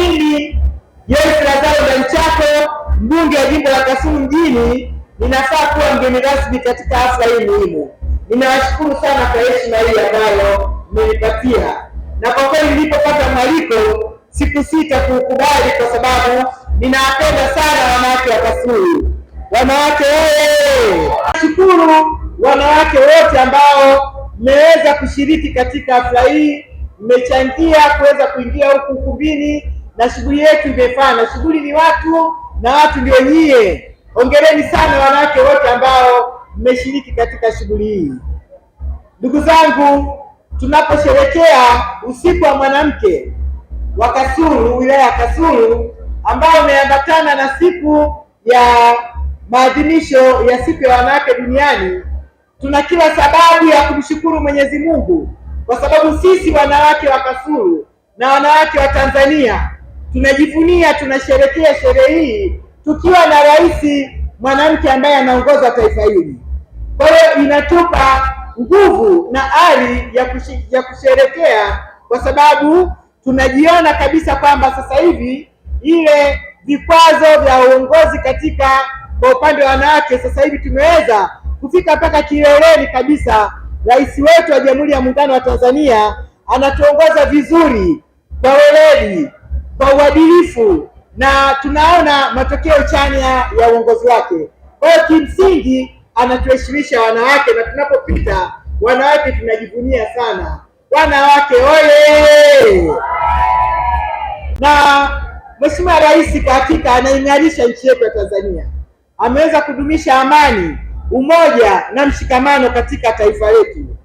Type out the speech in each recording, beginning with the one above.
Mimi Joyce Lazaro Ndalichako, mbunge wa jimbo la Kasulu mjini, ninafaa kuwa mgeni rasmi katika hafla hii muhimu. Ninawashukuru sana kwa heshima hii ambayo mmenipatia, na kwa kweli nilipopata mwaliko sikusita kuukubali, kwa sababu ninawapenda sana wanawake wa Kasulu. Wanawake wewe, nashukuru wanawake wote ambao mmeweza kushiriki katika hafla hii, mmechangia kuweza kuingia huku ukumbini na shughuli yetu imefana. Shughuli ni watu na watu ndio nyie. Hongereni sana wanawake wote ambao mmeshiriki katika shughuli hii. Ndugu zangu, tunaposherekea usiku wa mwanamke wa Kasulu, wilaya ya Kasulu, ambao umeambatana na siku ya maadhimisho ya siku ya wanawake duniani, tuna kila sababu ya kumshukuru Mwenyezi Mungu kwa sababu sisi wanawake wa Kasulu na wanawake wa Tanzania tunajivunia, tunasherekea sherehe hii tukiwa na rais mwanamke ambaye anaongoza taifa hili. Kwa hiyo inatupa nguvu na ari ya, ya kusherekea kwa sababu tunajiona kabisa kwamba sasa hivi ile vikwazo vya uongozi katika kwa upande wa wanawake sasa hivi tumeweza kufika mpaka kileleni kabisa. Rais wetu wa Jamhuri ya Muungano wa Tanzania anatuongoza vizuri kwa weledi kwa uadilifu na tunaona matokeo chanya ya uongozi wake. Kwa hiyo kimsingi anatuheshimisha wanawake, na tunapopita wanawake tunajivunia sana. Wanawake oye! Na Mheshimiwa Rais kwa hakika anaimarisha nchi yetu ya Tanzania, ameweza kudumisha amani, umoja na mshikamano katika taifa letu.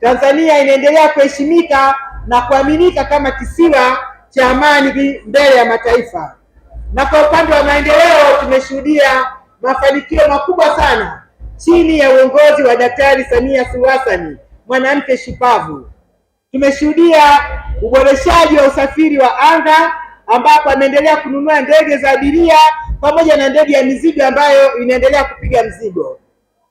Tanzania inaendelea kuheshimika na kuaminika kama kisiwa cha amani mbele ya mataifa. Na kwa upande wa maendeleo tumeshuhudia mafanikio makubwa sana chini ya uongozi wa Daktari Samia Suluhu Hassan, mwanamke shupavu. Tumeshuhudia uboreshaji wa usafiri wa anga ambapo ameendelea kununua ndege za abiria pamoja na ndege ya mizigo ambayo inaendelea kupiga mzigo,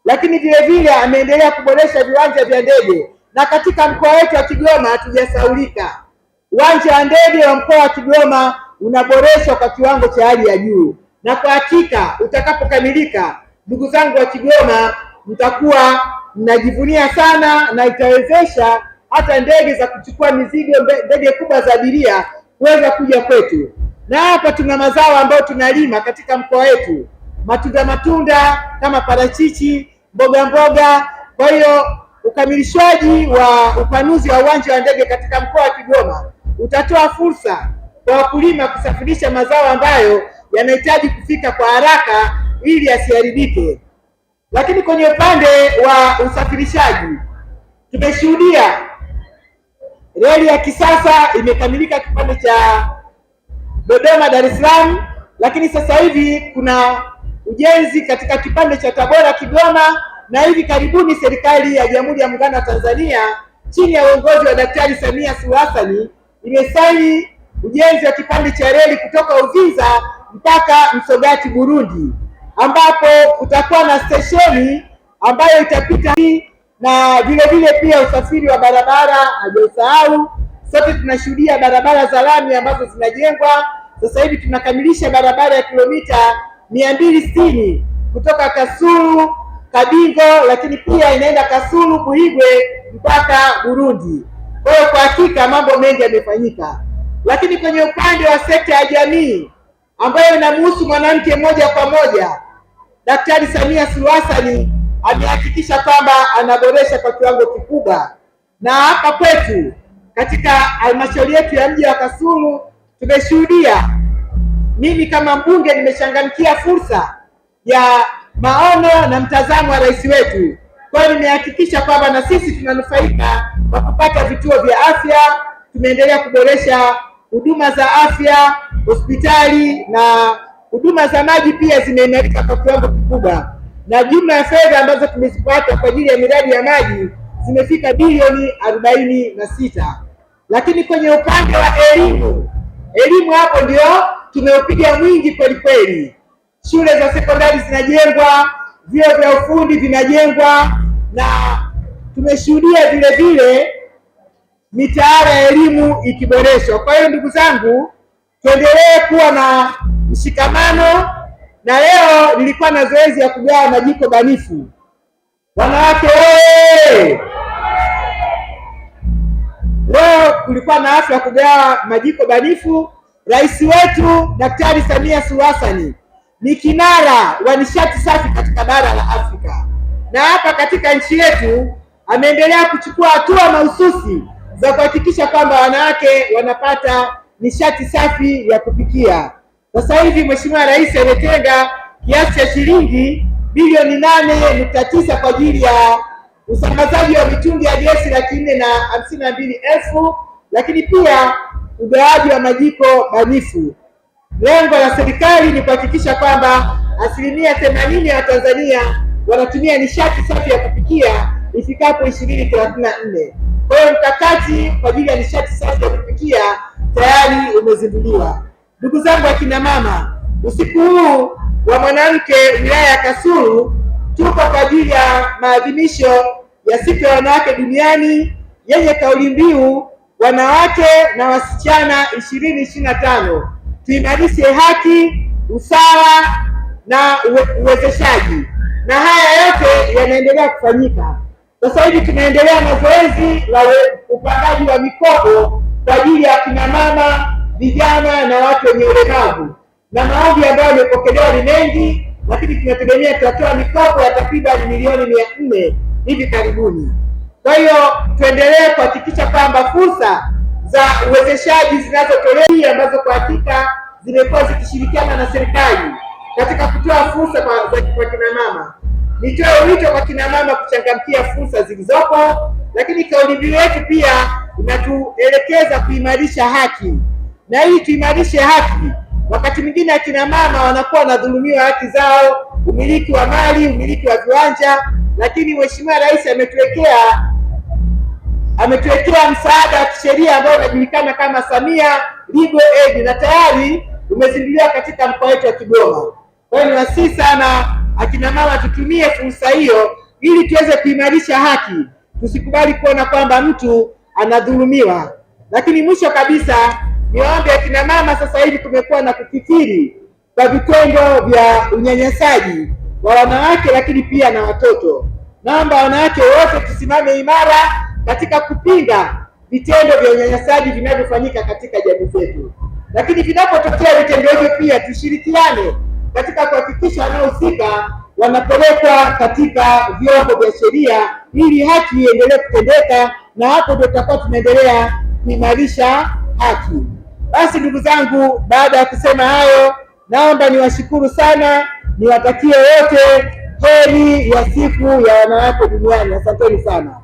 lakini vile vile ameendelea kuboresha viwanja vya ndege, na katika mkoa wetu wa Kigoma hatujasaulika Uwanja wa ndege wa mkoa wa Kigoma unaboreshwa kwa kiwango cha hali ya juu, na kwa hakika utakapokamilika, ndugu zangu wa Kigoma, mtakuwa mnajivunia sana, na itawezesha hata ndege za kuchukua mizigo, ndege kubwa za abiria kuweza kuja kwetu. Na hapa tuna mazao ambayo tunalima katika mkoa wetu, matunda matunda kama parachichi, mboga mboga. Kwa hiyo ukamilishwaji wa upanuzi wa uwanja wa ndege katika mkoa wa Kigoma utatoa fursa kwa wakulima kusafirisha mazao ambayo yanahitaji kufika kwa haraka ili yasiharibike. Lakini kwenye upande wa usafirishaji tumeshuhudia reli ya kisasa imekamilika kipande cha Dodoma Dar es Salaam, lakini sasa hivi kuna ujenzi katika kipande cha Tabora Kigoma, na hivi karibuni serikali ya Jamhuri ya Muungano wa Tanzania chini ya uongozi wa Daktari Samia Suluhu Hassan imesaini ujenzi wa kipande cha reli kutoka Uvinza mpaka Msogati Burundi, ambapo kutakuwa na stesheni ambayo itapita na vilevile pia usafiri wa barabara. Hajasahau, sote tunashuhudia barabara za lami ambazo zinajengwa sasa hivi. Tunakamilisha barabara ya kilomita mia mbili sitini kutoka Kasulu Kabingo, lakini pia inaenda Kasulu Buhigwe mpaka Burundi. Kwa hiyo kwa hakika mambo mengi yamefanyika, lakini kwenye upande wa sekta ya jamii ambayo inamhusu mwanamke moja kwa moja, Daktari Samia Suluhu Hassan amehakikisha kwamba anaboresha kwa kiwango kikubwa, na hapa kwetu katika halmashauri yetu ya mji wa Kasulu tumeshuhudia. Mimi kama mbunge nimechangamkia fursa ya maono na mtazamo wa rais wetu, kwa hiyo nimehakikisha kwamba na sisi tunanufaika kwa kupata vituo vya afya. Tumeendelea kuboresha huduma za afya, hospitali na huduma za maji pia zimeimarika kwa kiwango kikubwa, na jumla ya fedha ambazo tumezipata kwa ajili ya miradi ya maji zimefika bilioni arobaini na sita. Lakini kwenye upande wa elimu, elimu hapo ndio tumeupiga mwingi kweli kweli. Shule za sekondari zinajengwa, vyuo vya ufundi vinajengwa na tumeshuhudia vile vile mitaala ya elimu ikiboreshwa. Kwa hiyo ndugu zangu, tuendelee kuwa na mshikamano. Na leo nilikuwa na zoezi ya kugawa majiko banifu. Wanawake wewe, leo kulikuwa na afya ya kugawa majiko banifu. Rais wetu Daktari Samia Suluhu Hassan ni kinara wa nishati safi katika bara la Afrika, na hapa katika nchi yetu ameendelea kuchukua hatua mahususi za kuhakikisha kwamba wanawake wanapata nishati safi ya kupikia. Sasa hivi Mheshimiwa Rais ametenga kiasi cha shilingi bilioni nane nukta tisa kwa ajili ya usambazaji wa mitungi ya gesi laki nne na hamsini na mbili elfu lakini pia ugawaji wa majiko banifu. Lengo la serikali ni kuhakikisha kwamba asilimia themanini ya Watanzania wanatumia nishati safi ya kupikia ifikapo ishirini thelathini na nne. Kwa hiyo mkakati kwa ajili ya nishati safi ya kupikia tayari umezinduliwa. Ndugu zangu akina mama, usiku huu wa mwanamke wilaya ya Kasulu tuko kwa ajili ya maadhimisho ya siku ya wanawake duniani yenye kauli mbiu wanawake na wasichana ishirini ishirini na tano tuimarishe haki, usawa na uwezeshaji, na haya yote yanaendelea kufanyika. Sasa hivi tunaendelea na zoezi la upangaji wa mikopo kwa ajili ya kina mama, vijana na watu wenye ulemavu, na maombi ambayo yamepokelewa ni mengi, lakini tunategemea tutatoa mikopo ya takriban milioni mia nne hivi karibuni. Kwa hiyo tuendelee kuhakikisha kwamba fursa za uwezeshaji zinazotolewa ambazo kwa hakika zimekuwa zikishirikiana na serikali katika kutoa fursa kwa kina mama Nitoe wito kwa kina mama kuchangamkia fursa zilizopo, lakini kauli mbiu yetu pia inatuelekeza kuimarisha haki, na hii tuimarishe haki. Wakati mwingine akina mama wanakuwa wanadhulumiwa haki zao, umiliki wa mali, umiliki wa viwanja, lakini Mheshimiwa Rais ametuwekea ametuwekea msaada wa kisheria ambao unajulikana kama Samia Legal Aid na tayari umezinduliwa katika mkoa wetu wa Kigoma. Kwa hiyo niwasihi sana akina mama, tutumie fursa hiyo ili tuweze kuimarisha haki, tusikubali kuona kwamba mtu anadhulumiwa. Lakini mwisho kabisa, niwaombe akina mama, sasa hivi kumekuwa na kufikiri kwa vitendo vya unyanyasaji wa wanawake, lakini pia na watoto. Naomba wanawake wote tusimame imara katika kupinga vitendo vya unyanyasaji vinavyofanyika katika jamii zetu, lakini vinapotokea vitendo hivyo pia tushirikiane katika kuhakikisha wanaohusika wanapelekwa katika vyombo vya sheria ili haki iendelee kutendeka, na hapo ndio tutakuwa tunaendelea kuimarisha haki. Basi ndugu zangu, baada ya kusema hayo, naomba niwashukuru sana, niwatakie wote heri ya siku ya wanawake duniani. Asanteni sana.